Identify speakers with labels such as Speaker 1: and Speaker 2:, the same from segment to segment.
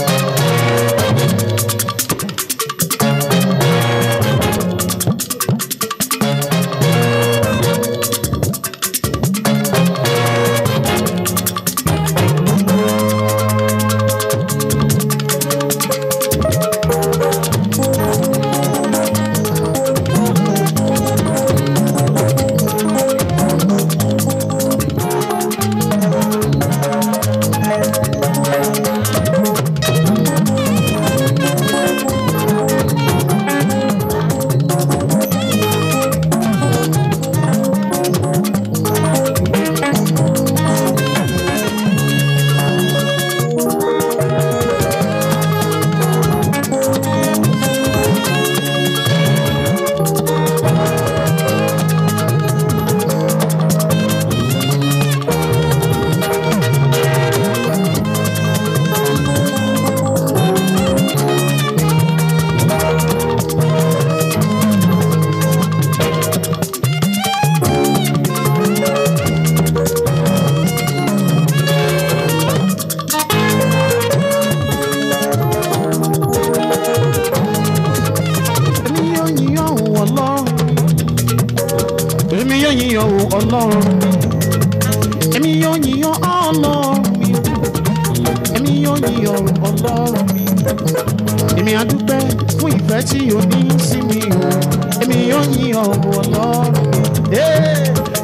Speaker 1: Thank you. ọlọ́run mi èmi yóò yíyan ọlọ́run mi èmi yóò yíyan ọlọ́run mi èmi á dúpẹ́ fún ìfẹ́ tí o ní sí mi o èmi yóò yíyan ọlọ́run mi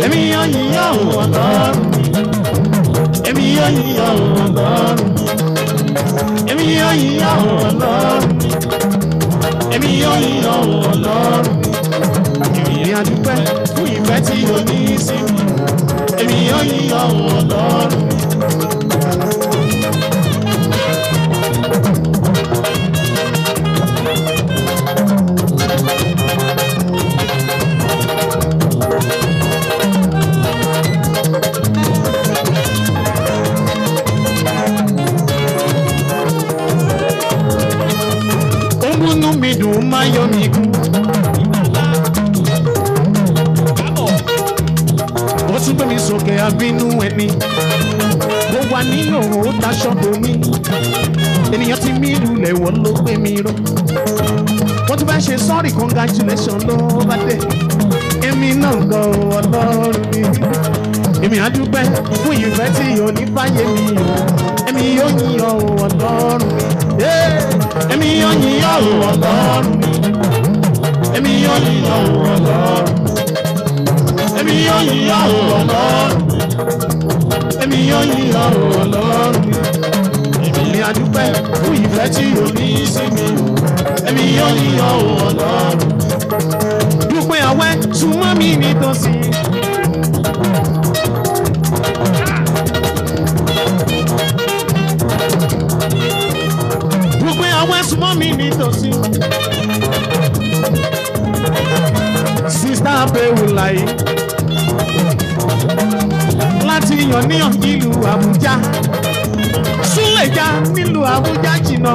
Speaker 1: èmi yóò yíyan ọlọ́run mi èmi yóò yíyan ọlọ́run mi èmi yóò yíyan ọlọ́run mi èmi yóò yíyan ọlọ́run mi èèyàn dúpẹ́ fún ìfẹ́ tí o ní sí mi èmi yóò yíyan òun ọlọ́run. mi mi kú. èèyàn bínú ẹni mo wà nínú òun ó taṣọ domi ènìyàn ti mí lulẹ̀ wọ́n ló gbé mi ró wọ́n tún bá ṣe sọ́ọ̀rì congratulation ló bá dé èmi náà gan ọlọ́run mi èmi á fún ìfẹ́ tí yóò ní fáyé mi o èmi yóò yìn ọ́ ọlọ́run mi èmi yóò yìn ọ́ ọlọ́run mi èmi yóò yìn ọ́ ọlọ́run mi èmi yóò yìn ọ́ ọlọ́run mi mi yóò ní ọ̀rọ̀ ọlọ́run èmi ni adúpẹ́ fún ìfẹ́ tí o ní sí mi èmi yóò ní ọ̀rọ̀ ọlọ́run. dúpẹ́ ọwẹ́ súnmọ́ mi nítòsí. dúpẹ́ ọwẹ́ súnmọ́ mi ni tosi. Sister, láyé láti yànníyàn nílùú Àbújá súnlẹ̀já nílùú Àbújá jìnnà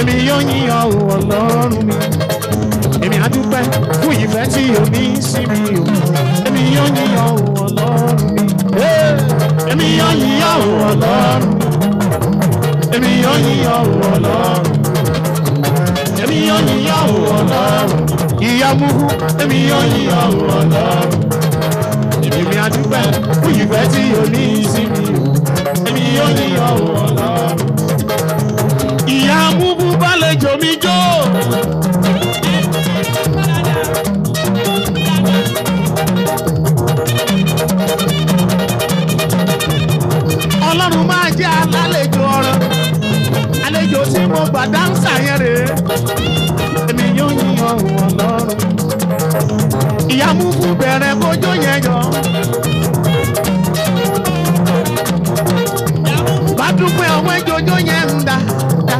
Speaker 1: èmi yóò yíyan Ọlọ́run mi èmi á fún ìfẹ́ tí o ní sí mi o èmi yóò yíyan Ọlọ́run mi èmi yóò yíyan Ọlọ́run èmi yóò yíyan Ọlọ́run èmi yóò yíyan Ọlọ́run ìyá muhu èmi yóò yíyan Ọlọ́run. ọlọ́run máa jẹ́ alálejò ọ̀rọ̀ àlejò tí mo gbà dáńsà yẹn rèé èmi yóò yìn ọ̀hún ọlọ́run ìyá mú fún bẹ̀rẹ̀ kójó yẹn yọ. dúpẹ́ ọmọ ìjọjọ́ yẹn ń da da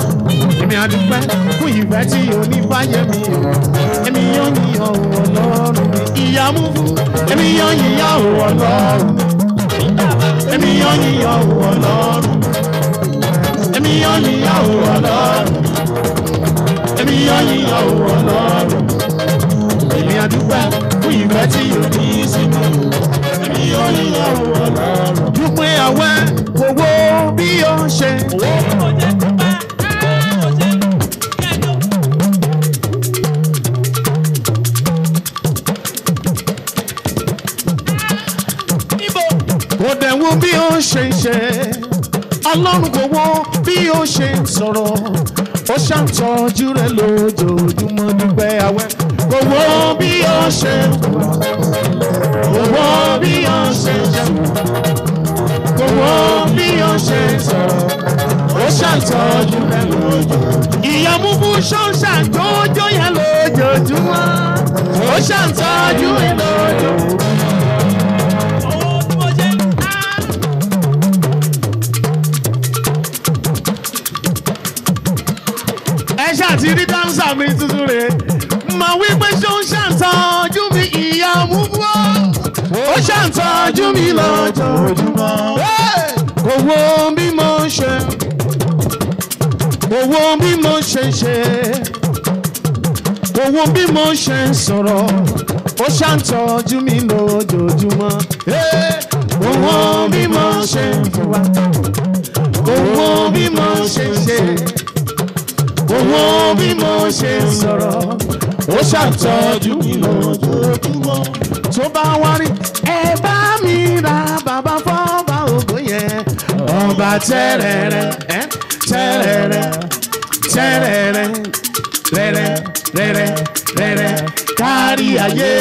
Speaker 1: èmi àdúpẹ́ fún ìfẹ́ tí onífàyè mi èmi yóò yìn ọ̀hún ọlọ́run ìyá mú fún èmi yóò yìn ọ̀hún ọlọ́run èmi yóò yíyá emi ọlọ́run èmi yóò yíyá o emi èmi yóò yíyá o ọlọ́run èmi àdúgbò fún ìfẹ́ tí yóò ní. kò dẹ̀ wo bí ó ṣe ń ṣe ọlọ́run kò wo bí ó ṣe ń sọ̀rọ̀ ó ṣàtọ́jú rẹ̀ lójoojúmọ́ nígbẹ́ awẹ́ kò wo bí ó ṣe ń kò wo bí ó ṣe ń jẹ kò wo bí ó ṣe ń sọ̀rọ̀ ó ṣàtọ́jú rẹ̀ lójoojúmọ́ ìyá múmú ṣọ́ṣà tó yẹn lójoojúmọ́ ó ṣàtọ́jú rẹ̀ lójoojúmọ́. ti rí dáńsà mi tuntun rẹ̀ mà wí pé ṣé ó ṣàǹtọ́jú mi ìyá múbúọ́ ó ṣàǹtọ́jú mi lọ́jọ́júmọ́ kò wo bí mo ṣe kò wo bí mo ṣe ṣe kò wo bí mo ṣe ń sọ̀rọ̀ ó ṣàǹtọ́jú mi lójoojúmọ́ kò wo bí mo ṣe ń fún wa kò wo bí mo ṣe ṣe. owó bí mo ṣe ń sọ̀rọ̀ ó ṣàtọ́jú mi lójoojúmọ́ tó bá wá rí ẹ bá mi ra bàbá fọ́ọ̀bà ògo yẹn ọba tẹ́rẹ̀rẹ̀ ẹ́ tẹ́rẹ̀rẹ̀ tẹ́rẹ̀rẹ̀ rẹ̀rẹ̀ rẹ̀rẹ̀ rẹ̀rẹ̀ kárí ayé.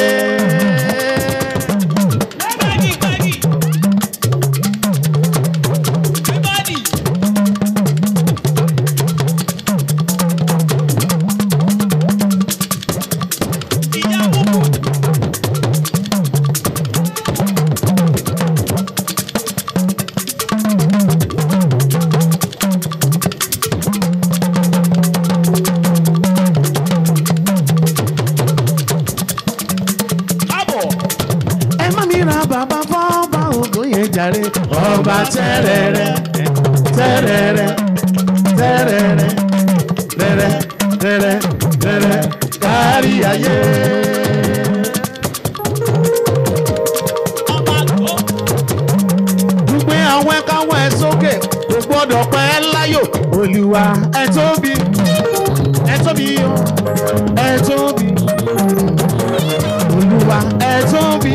Speaker 1: ríra bàbá fọ́ọ̀bà ògùn yẹn jàre. ọba tẹ́rẹ̀rẹ̀ tẹ́rẹ̀rẹ̀ tẹ́rẹ̀rẹ̀ rẹ̀rẹ̀ rẹ̀rẹ̀ rẹ̀rẹ̀ kárí ayé. dùgbẹ́ àwọn ẹ̀káwọ̀ ẹ̀ sókè kò gbọ́dọ̀ pẹ́ láyò. olúwa ẹ̀ tóbi ẹ̀ tóbi ẹ̀ tóbi olúwa ẹ̀ tóbi.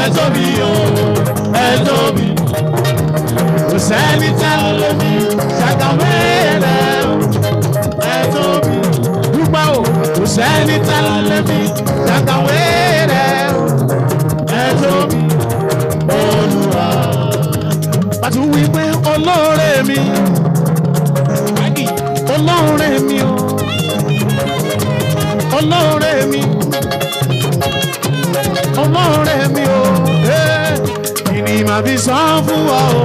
Speaker 1: ẹ tóbi o ẹ tóbi kò sẹ́ni tá a lè mi ṣàkàwé rẹ̀ ẹ tóbi dúpẹ́ o kò sẹ́ni tá a lè mi ṣàkàwé rẹ̀ ẹ tóbi olúwa olóore mi olóore mi o olóore mi ọmọ rẹ̀ mi o ìní màá fi san fún wa o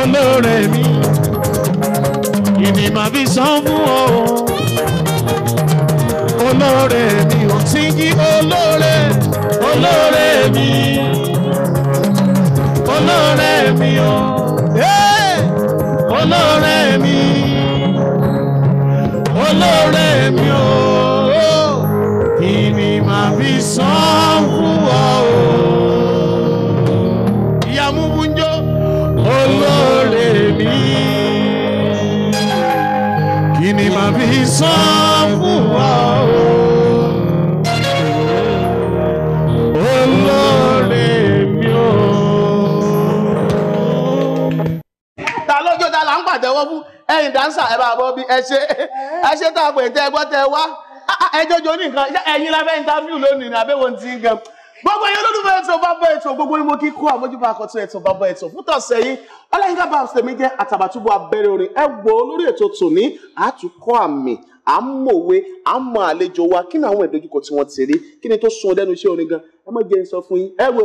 Speaker 1: olóore mi ìní màá fi san fún ọ o olóore mi ò tí kí olóore olóore mi olóore mi o olóore mi olóore mi fi san fún wa o. ìyá múbúnjó olóore mi kí ni màá fi san fún wa o. olóore mi o. ta lójó ta là ń pàtẹ́wọ́ fún ẹ̀yin dáńsà ẹ bá bọ́ bí ẹ ṣe ẹ ṣe tá a pè tẹ́ ẹ gbọ́ tẹ́ ẹ wá ẹjọ́ jọ ní nǹkan ẹ̀yin la fẹ́ interview lónìí ní abẹ́wò ti ń gan gbogbo ẹ̀yin olólùfẹ́ ètò bàbá ètò gbogbo ni mo kí kú àmójúbà àkọ́tún ètò bàbá ètò fún tọ̀sẹ̀ yìí ọlẹ́yìnká bá tèmi jẹ́ àtàbàtúbú abẹ́rẹ́ orin ẹ wo lórí ètò tòní àtúkọ́ àmì à ń mọ̀wé à ń mọ àlejò wa kí ni àwọn ìdojúkọ tí wọ́n ti rí kí ni tó sun ọ lẹ́nu iṣẹ́ orin gan ẹ má jẹ́ sọ fún yín ẹ wo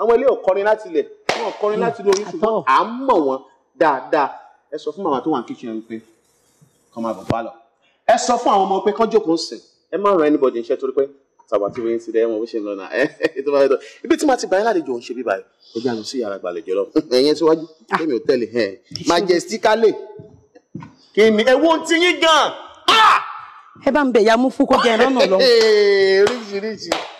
Speaker 1: àwọn ilé ọ̀kọrin láti ilẹ̀ wọn kọrin láti lórí ṣùgbọ́n à wọn dáadáa ẹ sọ fún màmá tó wà ní kíchìn ẹ wípé kọ́ máa bọ̀ pálọ̀ ẹ sọ fún àwọn ọmọ pé kán jókòó sìn ẹ má ran anybody iṣẹ́ torí pé tàbá tí wọ́n ti dẹ́ wọn bó ṣe ń lọ náà ẹ tó bá yẹ tó ibi tí màá ti báyìí ládìjọ ń ṣe bí báyìí ó jẹ́ àná sí yàrá gbàlejò lọ ẹ̀yẹn síwájú ah. èmi ò tẹ̀lé ẹ̀ majestically kí ni ewu ti yín gan. Ah! ẹ bá ń bẹ̀ ya mú fún kó jẹ́ ẹ lọ́nà lọ. oríṣiríṣi.